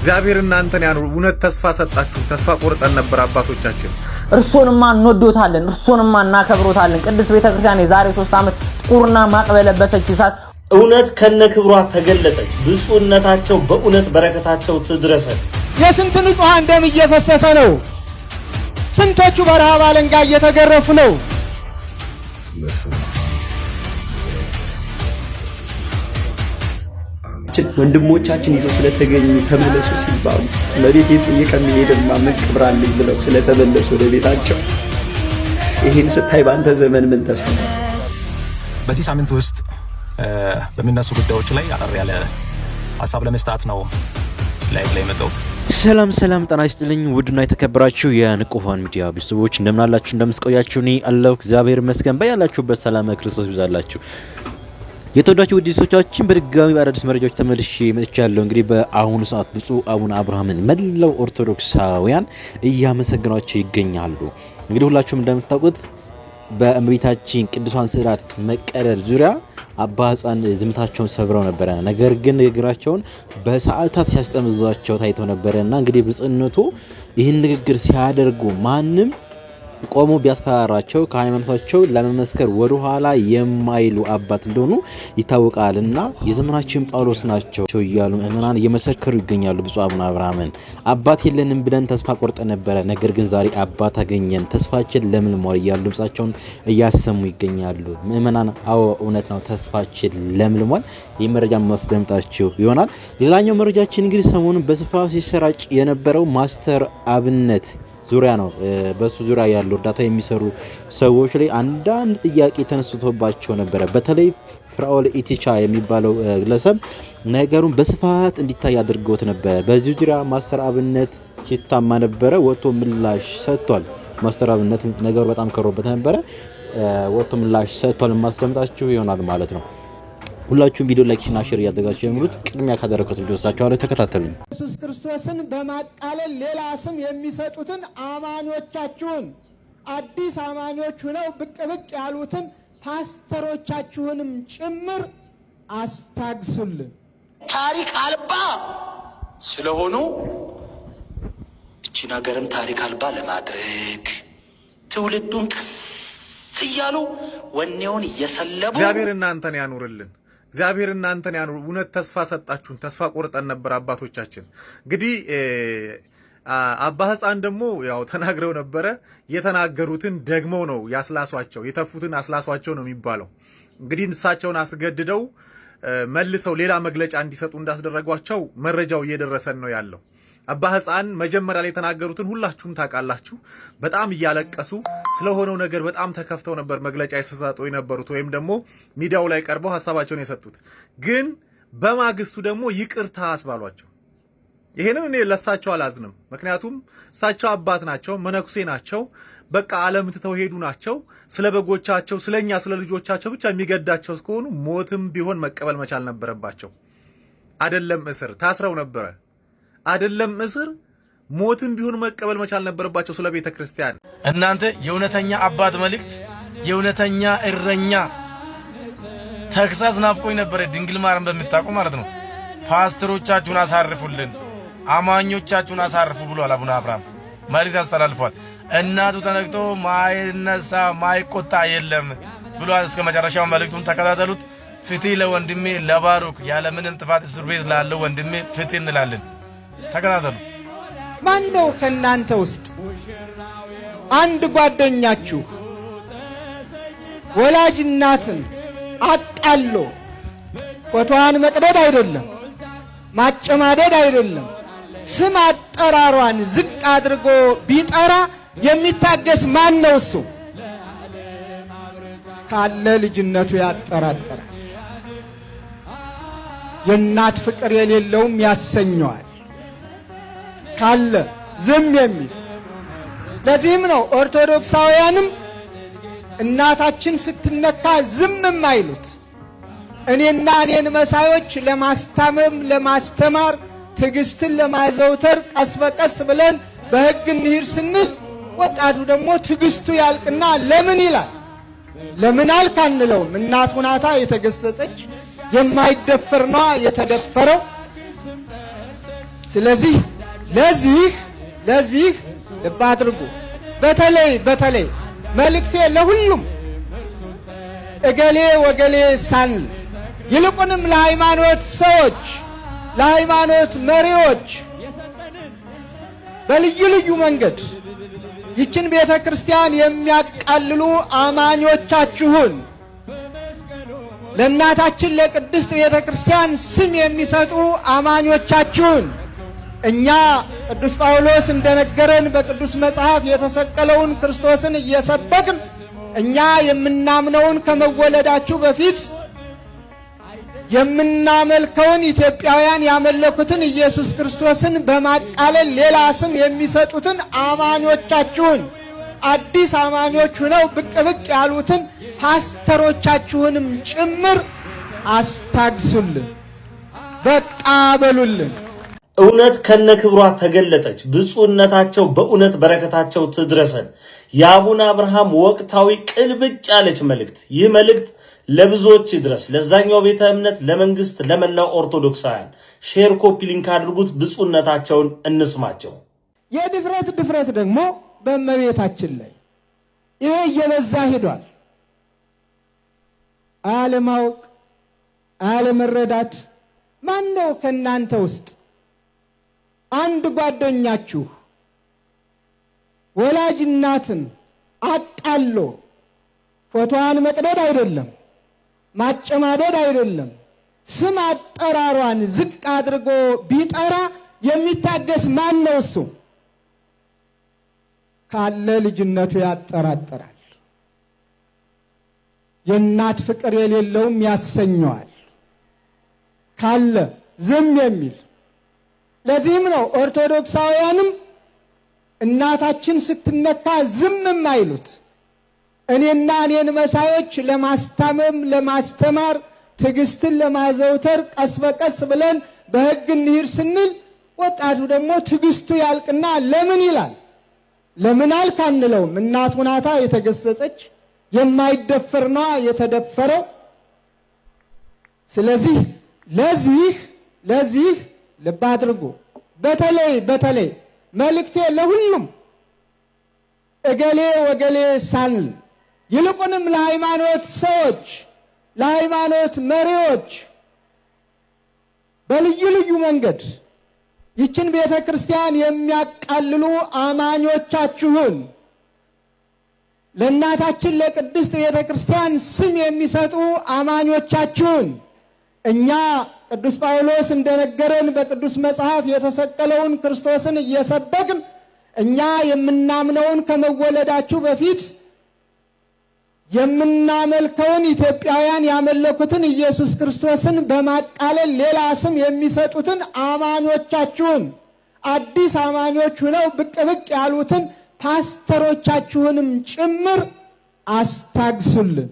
እግዚአብሔር እናንተን ያኑ። እውነት ተስፋ ሰጣችሁ። ተስፋ ቆርጠን ነበር አባቶቻችን። እርሶንማ እንወዶታለን፣ እርሶንማ እናከብሮታለን። ቅድስት ቤተክርስቲያን የዛሬ ሶስት ዓመት ጥቁርና ማቅ በለበሰች እሳት እውነት ከነ ክብሯ ተገለጠች። ብፁዕነታቸው በእውነት በረከታቸው ትድረሰ። የስንት ንጹሐን ደም እየፈሰሰ ነው። ስንቶቹ በረሃብ አለንጋ እየተገረፉ ነው። እህቶቻችን ወንድሞቻችን ይዘው ስለተገኙ ተመለሱ ሲባሉ መቤት የጠየቀ መሄድማ ምን ክብር አለኝ ብለው ስለተመለሱ ወደ ቤታቸው። ይህን ስታይ በአንተ ዘመን ምን ተሰማ? በዚህ ሳምንት ውስጥ በሚነሱ ጉዳዮች ላይ አጠር ያለ ሀሳብ ለመስጣት ነው ላይቭ ላይ መጣሁት። ሰላም ሰላም፣ ጤና ይስጥልኝ ውድና የተከበራችሁ የንቁፋን ሚዲያ ቤተሰቦች እንደምናላችሁ እንደምስቆያችሁ፣ እኔ አለሁ እግዚአብሔር ይመስገን። በያላችሁበት ሰላም ክርስቶስ ይብዛላችሁ። የተወዳቸው ውድ ቤተሰቦቻችን በድጋሚ በአዳዲስ መረጃዎች ተመልሼ መጥቻለሁ። እንግዲህ በአሁኑ ሰዓት ብፁዕ አቡነ አብርሃምን መላው ኦርቶዶክሳውያን እያመሰገኗቸው ይገኛሉ። እንግዲህ ሁላችሁም እንደምታውቁት በእመቤታችን ቅዱሳን ስዕላት መቀደር ዙሪያ አባ ዝምታቸውን ሰብረው ነበረ። ነገር ግን ንግግራቸውን በሰዓታት ሲያስጠምዟቸው ታይተው ነበረና እንግዲህ ብፁዕነቱ ይህን ንግግር ሲያደርጉ ማንም ቆሞ ቢያስፈራራቸው ከሃይማኖታቸው ለመመስከር ወደ ኋላ የማይሉ አባት እንደሆኑ ይታወቃል እና የዘመናችን ጳውሎስ ናቸው እያሉ ምእመናን እየመሰከሩ ይገኛሉ። ብፁዕ አቡነ አብርሃምን አባት የለንም ብለን ተስፋ ቆርጠን ነበረ፣ ነገር ግን ዛሬ አባት አገኘን፣ ተስፋችን ለምልሟል እያሉ ድምጻቸውን እያሰሙ ይገኛሉ። ምእመናን አዎ እውነት ነው፣ ተስፋችን ለምልሟል። ይህ መረጃ ማስደምጣችሁ ይሆናል። ሌላኛው መረጃችን እንግዲህ ሰሞኑን በስፋት ሲሰራጭ የነበረው ማስተር አብነት ዙሪያ ነው በሱ ዙሪያ ያለው እርዳታ የሚሰሩ ሰዎች ላይ አንዳንድ ጥያቄ ተነስቶባቸው ነበረ። በተለይ ፍራኦል ኢቲቻ የሚባለው ግለሰብ ነገሩን በስፋት እንዲታይ አድርገውት ነበረ። በዚህ ዙሪያ ማስተር አብነት ሲታማ ነበረ፣ ወጥቶ ምላሽ ሰጥቷል። ማስተር አብነት ነገሩ በጣም ከሮበት ነበረ፣ ወጥቶ ምላሽ ሰጥቷል። የማስደምጣችሁ ይሆናል ማለት ነው። ሁላችሁም ቪዲዮ ላይክ እና ሼር እያደረጋችሁ ጀምሩት። ቅድሚያ ካደረኩት ቪዲዮ ሳቸኋለ ተከታተሉኝ። ኢየሱስ ክርስቶስን በማቃለል ሌላ ስም የሚሰጡትን አማኞቻችሁን አዲስ አማኞች ሁነው ብቅ ብቅ ያሉትን ፓስተሮቻችሁንም ጭምር አስታግሱልን። ታሪክ አልባ ስለሆኑ እችን ሀገርም ታሪክ አልባ ለማድረግ ትውልዱን ቀስ እያሉ ወኔውን እየሰለቡ እግዚአብሔር እናንተን ያኑርልን። እግዚአብሔር እናንተን ያኑ እውነት ተስፋ ሰጣችሁን። ተስፋ ቆርጠን ነበር አባቶቻችን። እንግዲህ አባ ሕፃን ደግሞ ያው ተናግረው ነበረ። የተናገሩትን ደግመው ነው ያስላሷቸው፣ የተፉትን አስላሷቸው ነው የሚባለው። እንግዲህ እሳቸውን አስገድደው መልሰው ሌላ መግለጫ እንዲሰጡ እንዳስደረጓቸው መረጃው እየደረሰን ነው ያለው። አባ ሕፃን መጀመሪያ ላይ የተናገሩትን ሁላችሁም ታውቃላችሁ። በጣም እያለቀሱ ስለሆነው ነገር በጣም ተከፍተው ነበር መግለጫ የሰሳጡ የነበሩት ወይም ደግሞ ሚዲያው ላይ ቀርበው ሀሳባቸውን የሰጡት። ግን በማግስቱ ደግሞ ይቅርታ አስባሏቸው። ይሄንን እኔ ለሳቸው አላዝንም። ምክንያቱም እሳቸው አባት ናቸው፣ መነኩሴ ናቸው። በቃ ዓለም ትተው ሄዱ ናቸው። ስለ በጎቻቸው፣ ስለኛ፣ ስለ ልጆቻቸው ብቻ የሚገዳቸው እስከሆኑ ሞትም ቢሆን መቀበል መቻል ነበረባቸው። አደለም እስር ታስረው ነበረ አይደለም እስር ሞትን ቢሆን መቀበል መቻል ነበረባቸው። ስለ ቤተ ክርስቲያን እናንተ የእውነተኛ አባት መልእክት፣ የእውነተኛ እረኛ ተክሳስ ናፍቆኝ ነበረ። ድንግል ማርያም በምታውቁ ማለት ነው። ፓስተሮቻችሁን አሳርፉልን፣ አማኞቻችሁን አሳርፉ ብሏል አቡነ አብርሃም መልእክት አስተላልፏል። እናቱ ተነክቶ ማይነሳ ማይቆጣ የለም ብሏል። እስከ መጨረሻው መልእክቱን ተከታተሉት። ፍትህ ለወንድሜ ለባሩክ ያለምንም ጥፋት እስር ቤት ላለው ወንድሜ ፍትህ እንላለን። ተከታተሉ። ማን ነው ከእናንተ ውስጥ አንድ ጓደኛችሁ ወላጅ እናትን አጣሎ ፎቶዋን መቅደድ አይደለም ማጨማደድ አይደለም ስም አጠራሯን ዝቅ አድርጎ ቢጠራ የሚታገስ ማን ነው? እሱ ካለ ልጅነቱ ያጠራጠራል። የእናት ፍቅር የሌለውም ያሰኘዋል። ካለ ዝም የሚል ለዚህም ነው ኦርቶዶክሳውያንም እናታችን ስትነካ ዝም የማይሉት እኔና እኔን መሳዮች ለማስታመም ለማስተማር ትዕግስትን ለማዘውተር ቀስ በቀስ ብለን በሕግ እንሂድ ስንል ወጣቱ ደግሞ ትዕግስቱ ያልቅና ለምን ይላል። ለምን አልክ አንለውም። እናቱ ናታ የተገሰጸች፣ የማይደፈር ነዋ የተደፈረው። ስለዚህ ለዚህ ለዚህ ልብ አድርጉ። በተለይ በተለይ መልእክቴ ለሁሉም እገሌ ወገሌ ሳንል ይልቁንም ለሃይማኖት ሰዎች፣ ለሃይማኖት መሪዎች በልዩ ልዩ መንገድ ይችን ቤተ ክርስቲያን የሚያቃልሉ አማኞቻችሁን ለእናታችን ለቅድስት ቤተ ክርስቲያን ስም የሚሰጡ አማኞቻችሁን እኛ ቅዱስ ጳውሎስ እንደነገረን በቅዱስ መጽሐፍ የተሰቀለውን ክርስቶስን እየሰበክን እኛ የምናምነውን ከመወለዳችሁ በፊት የምናመልከውን ኢትዮጵያውያን ያመለኩትን ኢየሱስ ክርስቶስን በማቃለል ሌላ ስም የሚሰጡትን አማኞቻችሁን አዲስ አማኞች ሁነው ብቅ ብቅ ያሉትን ፓስተሮቻችሁንም ጭምር አስታግሱልን፣ በቃ በሉልን። እውነት ከነክብሯ ተገለጠች። ብፁዕነታቸው በእውነት በረከታቸው ትድረሰን። የአቡነ አብርሃም ወቅታዊ ቅልብጭ ያለች መልእክት። ይህ መልእክት ለብዙዎች ይድረስ። ለዛኛው ቤተ እምነት፣ ለመንግስት፣ ለመላው ኦርቶዶክሳውያን ሼር ኮፒ ሊንክ አድርጉት። ብፁዕነታቸውን እንስማቸው። የድፍረት ድፍረት ደግሞ በእመቤታችን ላይ ይሄ እየበዛ ሂዷል። አለማወቅ፣ አለመረዳት ማን ነው ከእናንተ ውስጥ አንድ ጓደኛችሁ ወላጅ እናትን አጣሎ ፎቶዋን መቅደድ አይደለም፣ ማጨማደድ አይደለም፣ ስም አጠራሯን ዝቅ አድርጎ ቢጠራ የሚታገስ ማን ነው? እሱ ካለ ልጅነቱ ያጠራጠራል። የእናት ፍቅር የሌለውም ያሰኘዋል። ካለ ዝም የሚል ለዚህም ነው ኦርቶዶክሳውያንም እናታችን ስትመታ ዝም አይሉት። እኔና እኔን መሳዮች ለማስታመም ለማስተማር ትዕግስትን ለማዘውተር ቀስ በቀስ ብለን በሕግ እንሂድ ስንል ወጣቱ ደግሞ ትዕግስቱ ያልቅና ለምን ይላል። ለምን አልክ አንለውም። እናቱ ናታ የተገሰጸች፣ የማይደፈር ነዋ የተደፈረው። ስለዚህ ለዚህ ለዚህ ልብ አድርጉ። በተለይ በተለይ መልእክቴ ለሁሉም እገሌ ወገሌ ሳንል ይልቁንም ለሃይማኖት ሰዎች፣ ለሃይማኖት መሪዎች በልዩ ልዩ መንገድ ይችን ቤተ ክርስቲያን የሚያቃልሉ አማኞቻችሁን ለእናታችን ለቅድስት ቤተ ክርስቲያን ስም የሚሰጡ አማኞቻችሁን እኛ ቅዱስ ጳውሎስ እንደነገረን በቅዱስ መጽሐፍ የተሰቀለውን ክርስቶስን እየሰበክን እኛ የምናምነውን ከመወለዳችሁ በፊት የምናመልከውን ኢትዮጵያውያን ያመለኩትን ኢየሱስ ክርስቶስን በማቃለል ሌላ ስም የሚሰጡትን አማኞቻችሁን አዲስ አማኞች ሁነው ብቅ ብቅ ያሉትን ፓስተሮቻችሁንም ጭምር አስታግሱልን።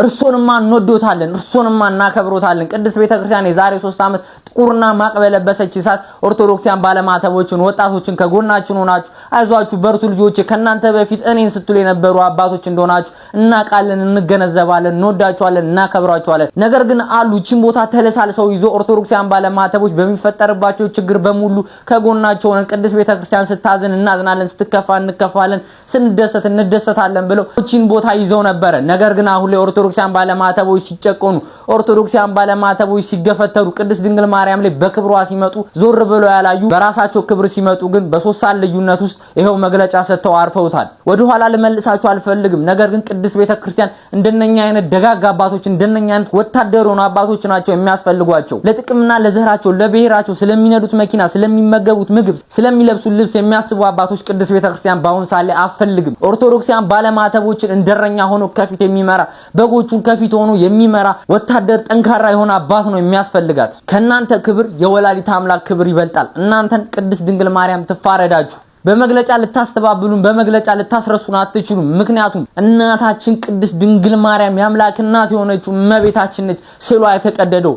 እርሶንማ እንወዶታለን፣ እርሶንማ እናከብሮታለን። ቅድስት ቤተክርስቲያን የዛሬ ሶስት ዓመት ጥቁርና ማቅ በለበሰች እሳት ኦርቶዶክሲያን ባለማተቦችን፣ ወጣቶችን ከጎናችን ሆናችሁ አይዟችሁ በርቱ ልጆች፣ ከእናንተ በፊት እኔን ስትሉ የነበሩ አባቶች እንደሆናችሁ እናቃለን እንገነዘባለን፣ እንወዳችኋለን፣ እናከብራችኋለን። ነገር ግን አሉ ይህችን ቦታ ተለሳልሰው ይዞ ኦርቶዶክሲያን ባለማተቦች በሚፈጠርባቸው ችግር በሙሉ ከጎናቸው ሆነን ቅድስት ቤተክርስቲያን ስታዝን እናዝናለን፣ ስትከፋ እንከፋለን፣ ስንደሰት እንደሰታለን ብለው ይህችን ቦታ ይዘው ነበረ። ነገር ግን አሁን ላይ ኦርቶዶክሳን ባለማተቦች ሲጨቆኑ ኦርቶዶክሲያን ባለማተቦች ሲገፈተሩ ቅድስት ድንግል ማርያም ላይ በክብሯ ሲመጡ ዞር ብለው ያላዩ በራሳቸው ክብር ሲመጡ ግን በሶስት ሰዓት ልዩነት ውስጥ ይኸው መግለጫ ሰጥተው አርፈውታል። ወደኋላ ልመልሳችሁ አልፈልግም። ነገር ግን ቅድስት ቤተክርስቲያን እንደነኛ አይነት ደጋግ አባቶች እንደነኛ አይነት ወታደር የሆኑ አባቶች ናቸው የሚያስፈልጓቸው። ለጥቅምና ለዘራቸው ለብሔራቸው ስለሚነዱት መኪና፣ ስለሚመገቡት ምግብ፣ ስለሚለብሱት ልብስ የሚያስቡ አባቶች ቅድስት ቤተክርስቲያን በአሁን ሰዓት ላይ አፈልግም። ኦርቶዶክሲያን ባለማተቦችን እንደረኛ ሆኖ ከፊት የሚመራ በጎቹን ከፊት ሆኖ የሚመራ ወታ ወታደር ጠንካራ የሆነ አባት ነው የሚያስፈልጋት። ከእናንተ ክብር የወላዲት አምላክ ክብር ይበልጣል። እናንተን ቅድስት ድንግል ማርያም ትፋረዳችሁ። በመግለጫ ልታስተባብሉን፣ በመግለጫ ልታስረሱን አትችሉም። ምክንያቱም እናታችን ቅድስት ድንግል ማርያም የአምላክ እናት የሆነችው እመቤታችን ነች። ስሏ የተቀደደው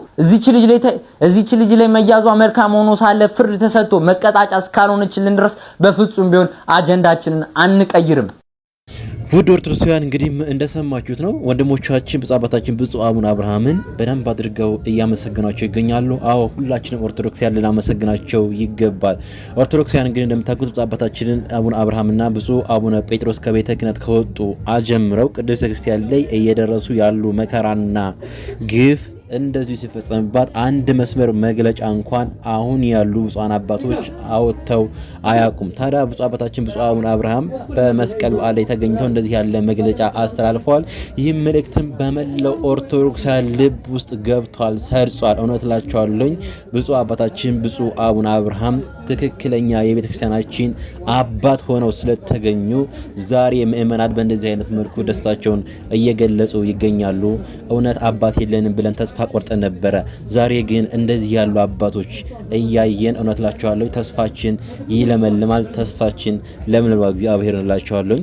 እዚች ልጅ ላይ መያዟ መልካም ሆኖ ሳለ ፍርድ ተሰጥቶ መቀጣጫ እስካልሆነችልን ድረስ በፍጹም ቢሆን አጀንዳችንን አንቀይርም። ውድ ኦርቶዶክሳውያን እንግዲህ እንደሰማችሁት ነው። ወንድሞቻችን ብፁዕ አባታችን ብፁዕ አቡነ አብርሃምን በደንብ አድርገው እያመሰገኗቸው ይገኛሉ። አዎ ሁላችንም ኦርቶዶክሳውያን ልናመሰግናቸው ይገባል። ኦርቶዶክሳውያን እንግዲህ እንደምታውቁት ብፁዕ አባታችንን አቡነ አብርሃምና ብፁዕ አቡነ ጴጥሮስ ከቤተ ክህነት ከወጡ አጀምረው ቅድስት ክርስቲያን ላይ እየደረሱ ያሉ መከራና ግፍ እንደዚህ ሲፈጸምባት አንድ መስመር መግለጫ እንኳን አሁን ያሉ ብፁዓን አባቶች አወጥተው አያውቁም። ታዲያ ብፁዕ አባታችን ብፁዕ አቡነ አብርሃም በመስቀል በዓል ላይ ተገኝተው እንደዚህ ያለ መግለጫ አስተላልፈዋል። ይህም መልእክትም በመላው ኦርቶዶክሳውያን ልብ ውስጥ ገብቷል፣ ሰርጿል። እውነት ላቸዋለኝ ብፁዕ አባታችን ብፁዕ አቡነ አብርሃም ትክክለኛ የቤተ ክርስቲያናችን አባት ሆነው ስለተገኙ ዛሬ ምእመናት በእንደዚህ አይነት መልኩ ደስታቸውን እየገለጹ ይገኛሉ። እውነት አባት የለንም ብለን ተስፋ ቆርጠን ነበረ። ዛሬ ግን እንደዚህ ያሉ አባቶች እያየን እውነት ላቸዋለሁ ተስፋችን ይለመልማል። ተስፋችን ለምልማ እግዚአብሔር እንላቸዋለሁ።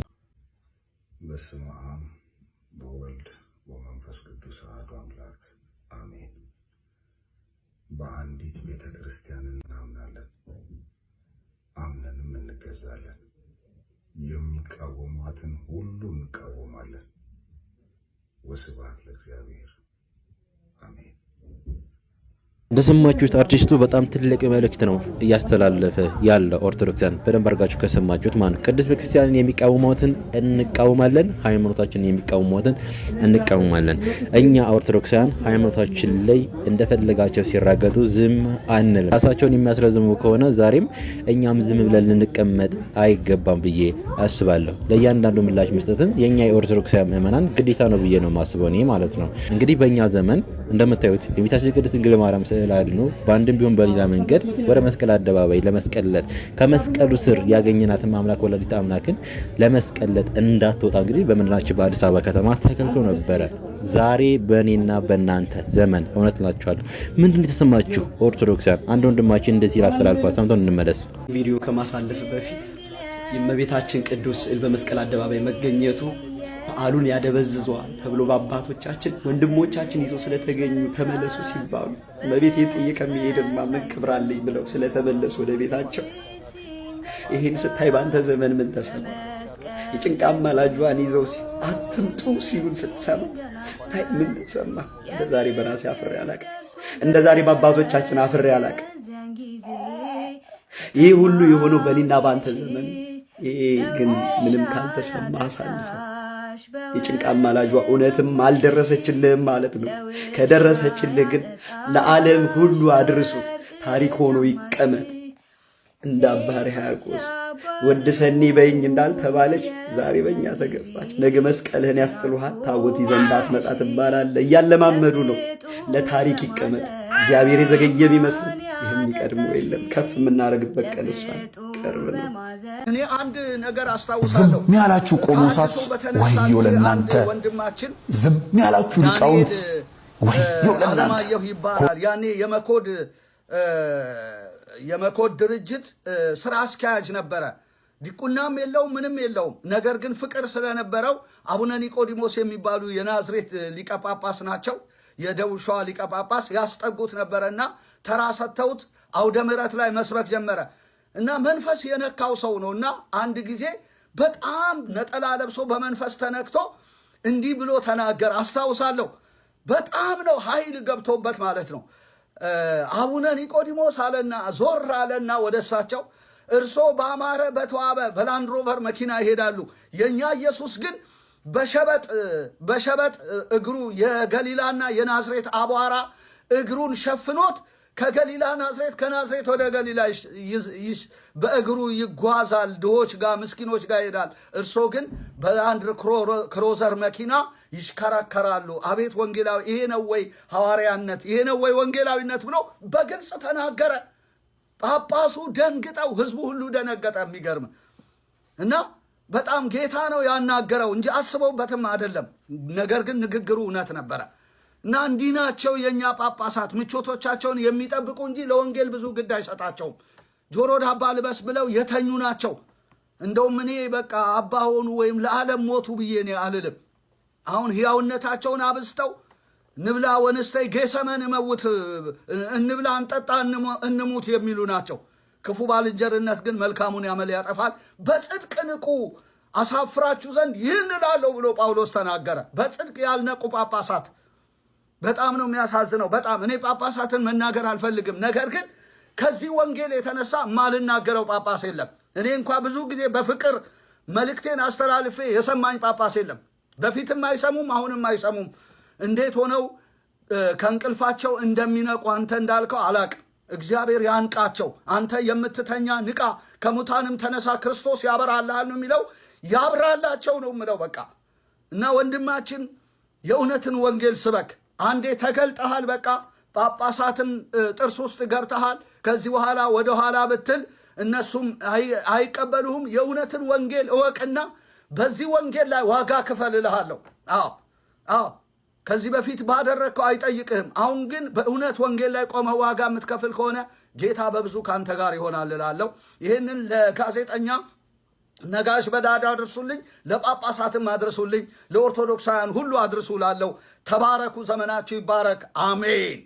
የሚቃወሟትን ሁሉ እንቃወማለን። ወስብሐት ለእግዚአብሔር አሜን። እንደሰማችሁት አርቲስቱ በጣም ትልቅ መልእክት ነው እያስተላለፈ ያለ ኦርቶዶክሳን በደንብ አድርጋችሁ ከሰማችሁት ማን ቅዱስ ቤተክርስቲያንን የሚቃወሟትን እንቃወማለን፣ ሃይማኖታችንን የሚቃወሟትን እንቃወማለን። እኛ ኦርቶዶክሳን ሃይማኖታችን ላይ እንደፈለጋቸው ሲራገጡ ዝም አንልም። ራሳቸውን የሚያስረዝሙ ከሆነ ዛሬም እኛም ዝም ብለን ልንቀመጥ አይገባም ብዬ አስባለሁ። ለእያንዳንዱ ምላሽ መስጠትም የእኛ የኦርቶዶክሳ ምእመናን ግዴታ ነው ብዬ ነው ማስበው እኔ ማለት ነው። እንግዲህ በእኛ ዘመን እንደምታዩት የቤታችን ቅድስት ድንግል ማርያም ስዕል አድኖ በአንድም ቢሆን በሌላ መንገድ ወደ መስቀል አደባባይ ለመስቀለጥ ከመስቀሉ ስር ያገኘናትን አምላክ ወላዲት አምላክን ለመስቀለጥ እንዳትወጣ እንግዲህ በምድራችን በአዲስ አበባ ከተማ ተከልክሎ ነበረ። ዛሬ በእኔና በእናንተ ዘመን እውነት እላችኋለሁ፣ ምንድን የተሰማችሁ ኦርቶዶክሳን? አንድ ወንድማችን እንደዚህ ላስተላልፏል፣ ሰምተን እንመለስ። ቪዲዮ ከማሳለፍ በፊት የእመቤታችን ቅዱስ ስዕል በመስቀል አደባባይ መገኘቱ በዓሉን ያደበዝዘዋል ተብሎ በአባቶቻችን ወንድሞቻችን ይዘው ስለተገኙ ተመለሱ ሲባሉ እመቤቴ ጥዬ ከሚሄድማ ምን ክብር አለኝ ብለው ስለተመለሱ ወደ ቤታቸው ይህን ስታይ በአንተ ዘመን ምን ተሰማ? የጭንቃ አማላጇን ይዘው አትምጡ ሲሉን ስትሰማ ስታይ ምን ተሰማ? እንደ ዛሬ በራሴ አፍሬ አላቅም። እንደ ዛሬ በአባቶቻችን አፍሬ አላቅም። ይህ ሁሉ የሆነው በእኔና በአንተ ዘመን። ይሄ ግን ምንም ካልተሰማ አሳልፈው የጭንቅ አማላጇ እውነትም አልደረሰችልህም ማለት ነው። ከደረሰችልህ ግን ለዓለም ሁሉ አድርሱት፣ ታሪክ ሆኖ ይቀመጥ። እንደ አባ ያቆስ ወድ ሰኒ በይኝ እንዳልተባለች ዛሬ በእኛ ተገፋች። ነገ መስቀልህን ያስጥሉሃል፣ ታቦት ይዘንባት መጣ ትባላለህ። እያለማመዱ ነው። ለታሪክ ይቀመጥ። እግዚአብሔር የዘገየ ይመስል ማንም ቀድሞ የለም። ከፍ የምናደርግበት ቀን እሷን ቅርብ ነው። እኔ አንድ ነገር አስታውሳለሁ። ዝም ያላችሁ ቆሞሳት ወዮ ለእናንተ፣ ዝም ያላችሁ ሊቃውንት ወዮ ለእናንተ ይባላል። ያኔ የመኮድ የመኮድ ድርጅት ስራ አስኪያጅ ነበረ። ዲቁናም የለውም ምንም የለውም። ነገር ግን ፍቅር ስለነበረው አቡነ ኒቆዲሞስ የሚባሉ የናዝሬት ሊቀጳጳስ ናቸው። የደቡብ ሸዋ ሊቀ ያስጠጉት ነበረና ተራ ሰጥተውት አውደ ምሕረት ላይ መስበክ ጀመረ እና መንፈስ የነካው ሰው ነው እና አንድ ጊዜ በጣም ነጠላ ለብሶ በመንፈስ ተነክቶ እንዲህ ብሎ ተናገር አስታውሳለሁ። በጣም ነው ኃይል ገብቶበት ማለት ነው። አቡነ ኒቆዲሞስ አለና ዞር አለና ወደ እሳቸው እርሶ በአማረ በተዋበ በላንድሮቨር መኪና ይሄዳሉ፣ የእኛ ኢየሱስ ግን በሸበጥ በሸበጥ እግሩ የገሊላና የናዝሬት አቧራ እግሩን ሸፍኖት ከገሊላ ናዝሬት ከናዝሬት ወደ ገሊላ በእግሩ ይጓዛል። ድሆች ጋር ምስኪኖች ጋር ይሄዳል። እርሶ ግን በአንድ ክሮዘር መኪና ይሽከራከራሉ። አቤት ወንጌላዊ! ይሄ ነው ወይ ሐዋርያነት? ይሄ ነው ወይ ወንጌላዊነት? ብሎ በግልጽ ተናገረ። ጳጳሱ ደንግጠው፣ ህዝቡ ሁሉ ደነገጠ። የሚገርም እና በጣም ጌታ ነው ያናገረው እንጂ አስበውበትም አይደለም። ነገር ግን ንግግሩ እውነት ነበረ። እና እንዲህ ናቸው የእኛ ጳጳሳት ምቾቶቻቸውን የሚጠብቁ እንጂ ለወንጌል ብዙ ግድ አይሰጣቸውም። ጆሮ ዳባ ልበስ ብለው የተኙ ናቸው። እንደውም እኔ በቃ አባ ሆኑ ወይም ለዓለም ሞቱ ብዬ እኔ አልልም። አሁን ሕያውነታቸውን አብዝተው ንብላ ወንስተይ ጌሰመን እመውት እንብላ እንጠጣ እንሙት የሚሉ ናቸው። ክፉ ባልንጀርነት ግን መልካሙን ያመል ያጠፋል። በጽድቅ ንቁ አሳፍራችሁ ዘንድ ይህን እላለሁ ብሎ ጳውሎስ ተናገረ። በጽድቅ ያልነቁ ጳጳሳት በጣም ነው የሚያሳዝነው። በጣም እኔ ጳጳሳትን መናገር አልፈልግም፣ ነገር ግን ከዚህ ወንጌል የተነሳ ማልናገረው ጳጳስ የለም። እኔ እንኳ ብዙ ጊዜ በፍቅር መልእክቴን አስተላልፌ የሰማኝ ጳጳስ የለም። በፊትም አይሰሙም፣ አሁንም አይሰሙም። እንዴት ሆነው ከእንቅልፋቸው እንደሚነቁ አንተ እንዳልከው አላቅ እግዚአብሔር ያንቃቸው። አንተ የምትተኛ ንቃ፣ ከሙታንም ተነሳ፣ ክርስቶስ ያበራልሃል ነው የሚለው። ያብራላቸው ነው የምለው። በቃ እና ወንድማችን የእውነትን ወንጌል ስበክ። አንዴ ተገልጠሃል፣ በቃ ጳጳሳትን ጥርስ ውስጥ ገብተሃል። ከዚህ በኋላ ወደኋላ ብትል እነሱም አይቀበሉህም። የእውነትን ወንጌል እወቅና በዚህ ወንጌል ላይ ዋጋ ክፈል እልሃለሁ። አዎ አዎ፣ ከዚህ በፊት ባደረግከው አይጠይቅህም። አሁን ግን በእውነት ወንጌል ላይ ቆመ ዋጋ የምትከፍል ከሆነ ጌታ በብዙ ከአንተ ጋር ይሆናል እላለሁ። ይህንን ለጋዜጠኛ ነጋሽ በዳዳ አድርሱልኝ፣ ለጳጳሳትም አድርሱልኝ፣ ለኦርቶዶክሳውያን ሁሉ አድርሱ ተባረኩ፣ ዘመናችሁ ይባረክ፣ አሜን።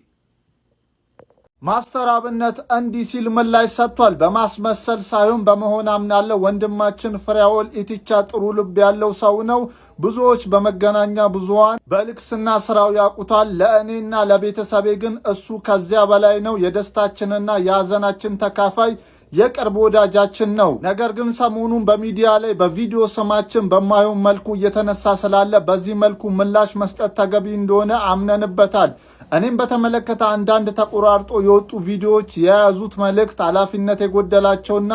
ማስተር አብነት እንዲህ ሲል ምላሽ ሰጥቷል። በማስመሰል ሳይሆን በመሆን አምናለሁ። ወንድማችን ፍሬያወል ኢቲቻ ጥሩ ልብ ያለው ሰው ነው። ብዙዎች በመገናኛ ብዙሃን በልክስና ስራው ያውቁታል። ለእኔና ለቤተሰቤ ግን እሱ ከዚያ በላይ ነው። የደስታችንና የሐዘናችን ተካፋይ የቅርብ ወዳጃችን ነው። ነገር ግን ሰሞኑን በሚዲያ ላይ በቪዲዮ ስማችን በማይሆን መልኩ እየተነሳ ስላለ በዚህ መልኩ ምላሽ መስጠት ተገቢ እንደሆነ አምነንበታል። እኔም በተመለከተ አንዳንድ ተቆራርጦ የወጡ ቪዲዮዎች የያዙት መልእክት ኃላፊነት የጎደላቸውና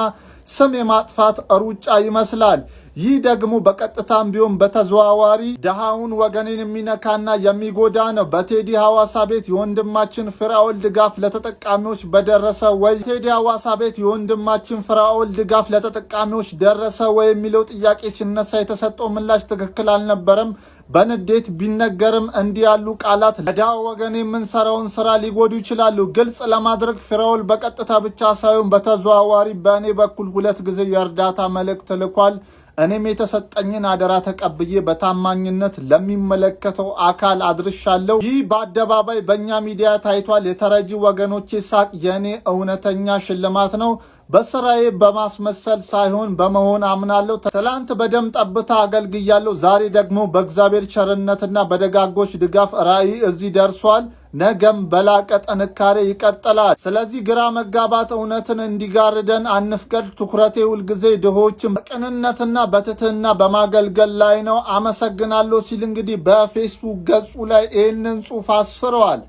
ስም የማጥፋት ሩጫ ይመስላል። ይህ ደግሞ በቀጥታም ቢሆን በተዘዋዋሪ ድሃውን ወገኔን የሚነካና የሚጎዳ ነው። በቴዲ ሐዋሳ ቤት የወንድማችን ፍራኦል ድጋፍ ለተጠቃሚዎች በደረሰ ወይ ቴዲ ሐዋሳ ቤት የወንድማችን ፍራኦል ድጋፍ ለተጠቃሚዎች ደረሰ ወይ የሚለው ጥያቄ ሲነሳ የተሰጠው ምላሽ ትክክል አልነበረም። በንዴት ቢነገርም እንዲህ ያሉ ቃላት ለድሃ ወገን የምንሰራውን ስራ ሊጎዱ ይችላሉ። ግልጽ ለማድረግ ፍራኦል በቀጥታ ብቻ ሳይሆን በተዘዋዋሪ በእኔ በኩል ሁለት ጊዜ የእርዳታ መልእክት ልኳል። እኔም የተሰጠኝን አደራ ተቀብዬ በታማኝነት ለሚመለከተው አካል አድርሻለሁ። ይህ በአደባባይ በእኛ ሚዲያ ታይቷል። የተረጂ ወገኖቼ ሳቅ የእኔ እውነተኛ ሽልማት ነው። በስራዬ በማስመሰል ሳይሆን በመሆን አምናለሁ። ትላንት በደም ጠብታ አገልግያለሁ። ዛሬ ደግሞ በእግዚአብሔር ቸርነትና በደጋጎች ድጋፍ ራዕይ እዚህ ደርሷል። ነገም በላቀ ጥንካሬ ይቀጥላል። ስለዚህ ግራ መጋባት እውነትን እንዲጋርደን አንፍቀድ። ትኩረቴ ሁልጊዜ ድሆችን በቅንነትና በትህትና በማገልገል ላይ ነው። አመሰግናለሁ ሲል እንግዲህ በፌስቡክ ገጹ ላይ ይህንን ጽሑፍ አስፍረዋል።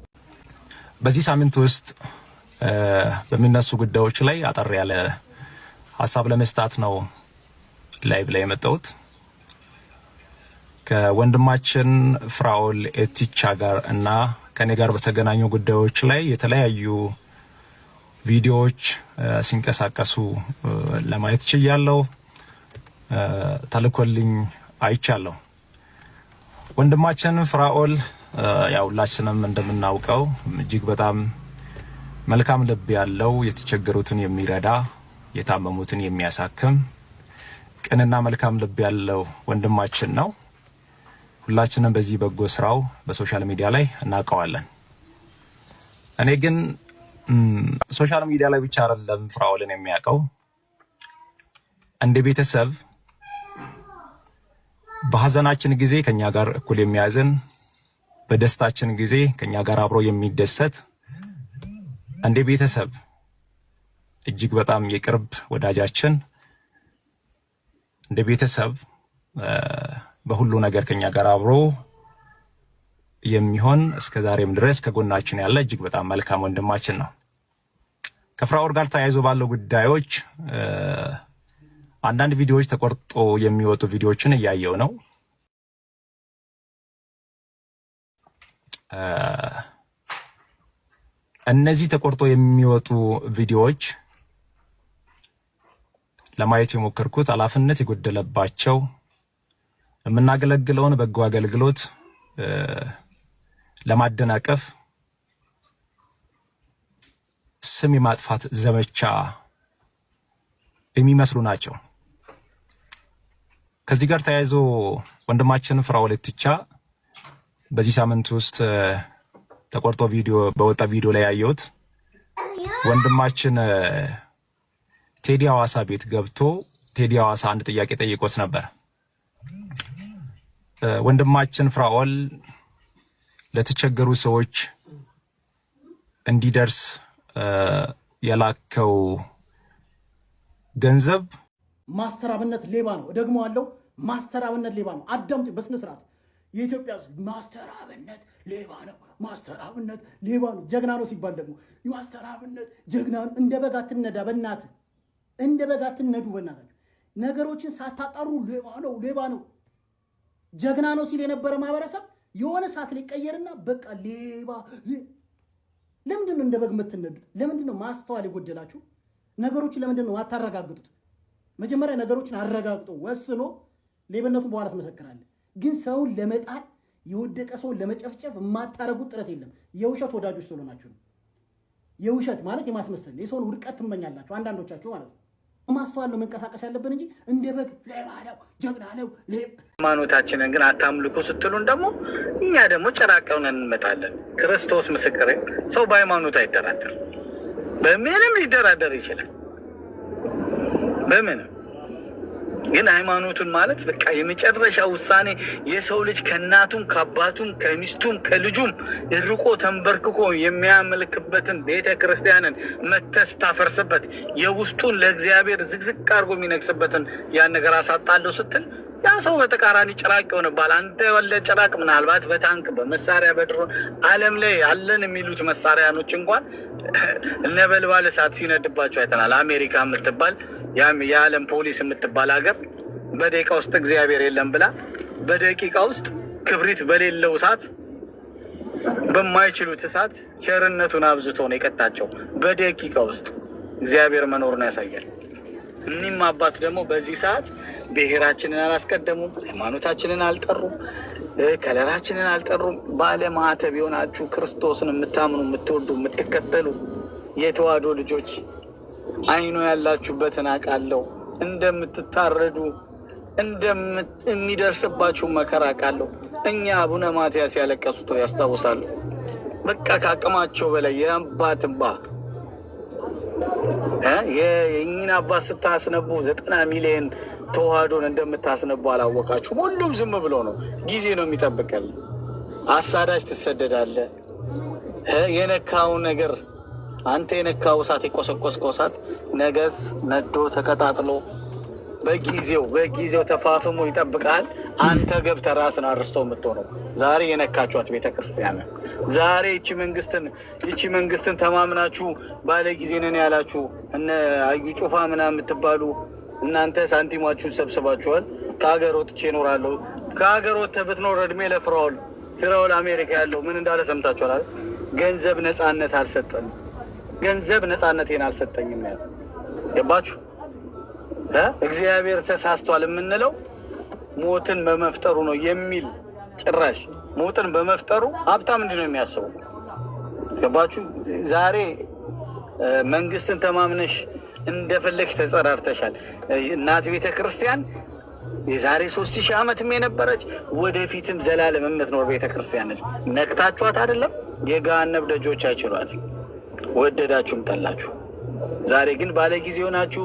በዚህ ሳምንት ውስጥ በሚነሱ ጉዳዮች ላይ አጠር ያለ ሀሳብ ለመስጣት ነው ላይቭ ላይ የመጣሁት። ከወንድማችን ፍራኦል ኤቲቻ ጋር እና ከኔ ጋር በተገናኙ ጉዳዮች ላይ የተለያዩ ቪዲዮዎች ሲንቀሳቀሱ ለማየት ችያለሁ። ተልኮልኝ አይቻለሁ። ወንድማችን ፍራኦል ያው ሁላችንም እንደምናውቀው እጅግ በጣም መልካም ልብ ያለው የተቸገሩትን የሚረዳ የታመሙትን የሚያሳክም ቅንና መልካም ልብ ያለው ወንድማችን ነው። ሁላችንም በዚህ በጎ ስራው በሶሻል ሚዲያ ላይ እናውቀዋለን። እኔ ግን ሶሻል ሚዲያ ላይ ብቻ አይደለም ፍራውልን የሚያውቀው እንደ ቤተሰብ በሀዘናችን ጊዜ ከኛ ጋር እኩል የሚያዝን በደስታችን ጊዜ ከኛ ጋር አብሮ የሚደሰት እንደ ቤተሰብ እጅግ በጣም የቅርብ ወዳጃችን እንደ ቤተሰብ በሁሉ ነገር ከኛ ጋር አብሮ የሚሆን እስከ ዛሬም ድረስ ከጎናችን ያለ እጅግ በጣም መልካም ወንድማችን ነው። ከፍራኦል ጋር ተያይዞ ባለው ጉዳዮች አንዳንድ ቪዲዮዎች ተቆርጦ የሚወጡ ቪዲዮዎችን እያየው ነው። እነዚህ ተቆርጦ የሚወጡ ቪዲዮዎች ለማየት የሞከርኩት ኃላፊነት የጎደለባቸው የምናገለግለውን በጎ አገልግሎት ለማደናቀፍ ስም የማጥፋት ዘመቻ የሚመስሉ ናቸው። ከዚህ ጋር ተያይዞ ወንድማችን ፍራኦል ኢቲቻ በዚህ ሳምንት ውስጥ ተቆርጦ ቪዲዮ በወጣ ቪዲዮ ላይ ያየሁት ወንድማችን ቴዲ አዋሳ ቤት ገብቶ ቴዲ አዋሳ አንድ ጥያቄ ጠይቆት ነበር። ወንድማችን ፍራኦል ለተቸገሩ ሰዎች እንዲደርስ የላከው ገንዘብ ማስተር አብነት ሌባ ነው። ደግሞ አለው ማስተር አብነት ሌባ ነው። አዳምጡ በስነ ስርዓት። የኢትዮጵያ ማስተር አብነት ሌባ ነው። ማስተር አብነት ሌባ ነው። ጀግና ነው ሲባል ደግሞ ማስተር አብነት ጀግና ነው። እንደ በግ አትነዳ በእናትህ፣ እንደ በግ አትነዱ በእናትህ። ነገሮችን ሳታጣሩ ሌባ ነው ሌባ ነው ጀግና ነው ሲል የነበረ ማህበረሰብ የሆነ ሰዓት ሊቀየርና በቃ ሌባ ለምንድን ነው እንደ በግ የምትነዱት? ለምንድን ነው ማስተዋል የጎደላችሁ? ነገሮችን ለምንድን ነው አታረጋግጡት? መጀመሪያ ነገሮችን አረጋግጦ ወስኖ ሌብነቱን በኋላ ትመሰክራለ። ግን ሰውን ለመጣል የወደቀ ሰውን ለመጨፍጨፍ የማታረጉት ጥረት የለም። የውሸት ወዳጆች ስለሆናችሁ ነው። የውሸት ማለት የማስመሰል የሰውን ውድቀት ትመኛላችሁ አንዳንዶቻችሁ ማለት ነው። ማስተዋል ነው መንቀሳቀስ ያለብን እንጂ እንደ በግ ሌባ ነው ጀግና ነው። ሃይማኖታችንን ግን አታምልኩ ስትሉን ደግሞ እኛ ደግሞ ጨራቀውን እንመጣለን። ክርስቶስ ምስክር፣ ሰው በሃይማኖት አይደራደር፣ በምንም ሊደራደር ይችላል። በምንም ግን ሃይማኖቱን ማለት በቃ የመጨረሻ ውሳኔ የሰው ልጅ ከእናቱም ከአባቱም ከሚስቱም ከልጁም እርቆ ተንበርክኮ የሚያመልክበትን ቤተ ክርስቲያንን መተስ ታፈርስበት የውስጡን ለእግዚአብሔር ዝግዝቅ አድርጎ የሚነግስበትን ያን ነገር አሳጣለሁ ስትል ያ ሰው በተቃራኒ ጭራቅ ይሆንባል። አንተ ወለ ጭራቅ ምናልባት በታንክ በመሳሪያ በድሮ አለም ላይ አለን የሚሉት መሳሪያኖች እንኳን ነበልባል እሳት ሲነድባቸው አይተናል። አሜሪካ የምትባል የዓለም ፖሊስ የምትባል ሀገር በደቂቃ ውስጥ እግዚአብሔር የለም ብላ በደቂቃ ውስጥ ክብሪት በሌለው እሳት በማይችሉት እሳት ቸርነቱን አብዝቶ ነው የቀጣቸው። በደቂቃ ውስጥ እግዚአብሔር መኖሩን ያሳያል። እኒም አባት ደግሞ በዚህ ሰዓት ብሔራችንን አላስቀደሙም፣ ሃይማኖታችንን አልጠሩም፣ ከለራችንን አልጠሩም። ባለማዕተብ የሆናችሁ ክርስቶስን የምታምኑ የምትወዱ የምትከተሉ የተዋህዶ ልጆች አይኖ ያላችሁበትን አውቃለሁ። እንደምትታረዱ እንደሚደርስባችሁ መከራ አውቃለሁ። እኛ አቡነ ማትያስ ያለቀሱት ያስታውሳሉ። በቃ ከአቅማቸው በላይ የአባት እንባ የእኝን አባት ስታስነቡ ዘጠና ሚሊዮን ተዋህዶን እንደምታስነቡ አላወቃችሁ ሁሉም ዝም ብሎ ነው። ጊዜ ነው የሚጠብቀል። አሳዳጅ ትሰደዳለ። የነካው ነገር አንተ የነካው እሳት የቆሰቆስከው እሳት ነገስ ነዶ ተቀጣጥሎ በጊዜው በጊዜው ተፋፍሞ ይጠብቃል። አንተ ገብተህ ራስን አርስቶ የምትሆነው ዛሬ የነካችኋት ቤተክርስቲያን፣ ዛሬ ይቺ መንግስትን ይቺ መንግስትን ተማምናችሁ ባለ ጊዜ ነን ያላችሁ እነ አዩ ጩፋ ምና የምትባሉ እናንተ ሳንቲማችሁን ሰብስባችኋል። ከሀገር ወጥቼ እኖራለሁ። ከሀገር ወጥተህ ብትኖር እድሜ ለፍራውል ፍራውል አሜሪካ ያለው ምን እንዳለ ሰምታችኋል። ገንዘብ ነፃነት አልሰጠንም፣ ገንዘብ ነፃነቴን አልሰጠኝም ያለ ገባችሁ እግዚአብሔር ተሳስቷል የምንለው ሞትን በመፍጠሩ ነው የሚል ጭራሽ ሞትን በመፍጠሩ ሀብታም እንዲህ ነው የሚያስበው። ገባችሁ? ዛሬ መንግስትን ተማምነሽ እንደፈለግሽ ተጸራርተሻል። እናት ቤተ ክርስቲያን የዛሬ ሶስት ሺህ ዓመትም የነበረች ወደፊትም ዘላለም የምትኖር ቤተ ክርስቲያን ነች። ነቅታችኋት አይደለም የጋነብ ደጆች አይችሏት። ወደዳችሁም ጠላችሁ። ዛሬ ግን ባለጊዜ ሆናችሁ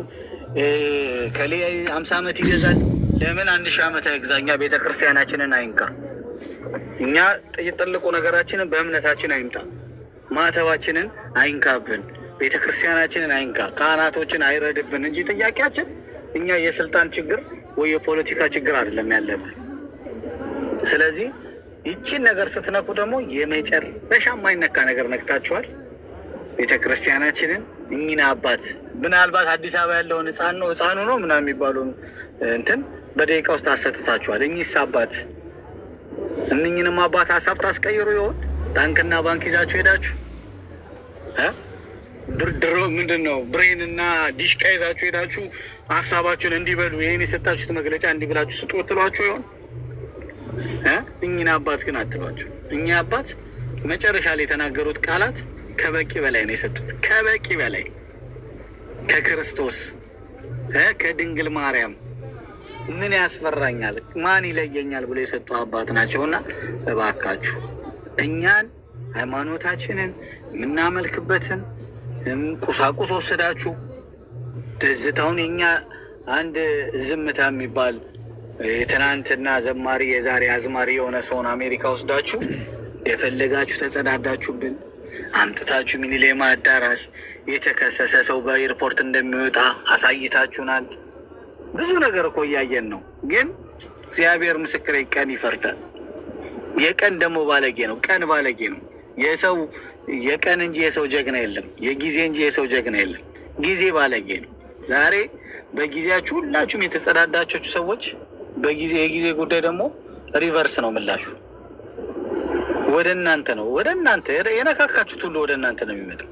ከሌ ሀምሳ ዓመት ይገዛል። ለምን አንድ ሺህ ዓመት አይግዛኛ? ቤተ ክርስቲያናችንን አይንካ። እኛ ጥይጥልቁ ነገራችንን በእምነታችን አይምጣ። ማተባችንን አይንካብን። ቤተ ክርስቲያናችንን አይንካ። ካህናቶችን አይረድብን እንጂ ጥያቄያችን እኛ የስልጣን ችግር ወይ የፖለቲካ ችግር አይደለም ያለብን። ስለዚህ ይቺን ነገር ስትነኩ ደግሞ የመጨረሻ የማይነካ ነገር ነክታችኋል። ቤተክርስቲያናችንን እኚህን አባት ምናልባት አዲስ አበባ ያለውን ህፃን ነው ህፃኑ ነው ምናምን የሚባለውን እንትን በደቂቃ ውስጥ አሰትታችኋል። እኚህስ አባት እንኝንም አባት ሀሳብ ታስቀይሩ ይሆን? ባንክና ባንክ ይዛችሁ ሄዳችሁ ድርድሮ ምንድን ነው ብሬን እና ዲሽቃ ይዛችሁ ሄዳችሁ ሀሳባችሁን እንዲበሉ ይህን የሰጣችሁት መግለጫ እንዲብላችሁ ስጡ ትሏችሁ ይሆን? እኝን አባት ግን አትሏቸው። እኚህ አባት መጨረሻ ላይ የተናገሩት ቃላት ከበቂ በላይ ነው የሰጡት። ከበቂ በላይ ከክርስቶስ ከድንግል ማርያም ምን ያስፈራኛል፣ ማን ይለየኛል ብሎ የሰጡ አባት ናቸውና እባካችሁ እኛን ሃይማኖታችንን የምናመልክበትን ቁሳቁስ ወስዳችሁ ትዝታውን የኛ አንድ ዝምታ የሚባል የትናንትና ዘማሪ የዛሬ አዝማሪ የሆነ ሰውን አሜሪካ ወስዳችሁ የፈለጋችሁ ተጸዳዳችሁብን አምጥታችሁ ሚኒሌማ አዳራሽ የተከሰሰ ሰው በኤርፖርት እንደሚወጣ አሳይታችሁናል። ብዙ ነገር እኮ እያየን ነው። ግን እግዚአብሔር ምስክሬ ቀን ይፈርዳል። የቀን ደግሞ ባለጌ ነው። ቀን ባለጌ ነው። የሰው የቀን እንጂ የሰው ጀግና የለም። የጊዜ እንጂ የሰው ጀግና የለም። ጊዜ ባለጌ ነው። ዛሬ በጊዜያችሁ ሁላችሁም የተጸዳዳችሁ ሰዎች በጊዜ የጊዜ ጉዳይ ደግሞ ሪቨርስ ነው ምላሹ። ወደ እናንተ ነው ወደ እናንተ የነካካችሁት ሁሉ ወደ እናንተ ነው የሚመጣው።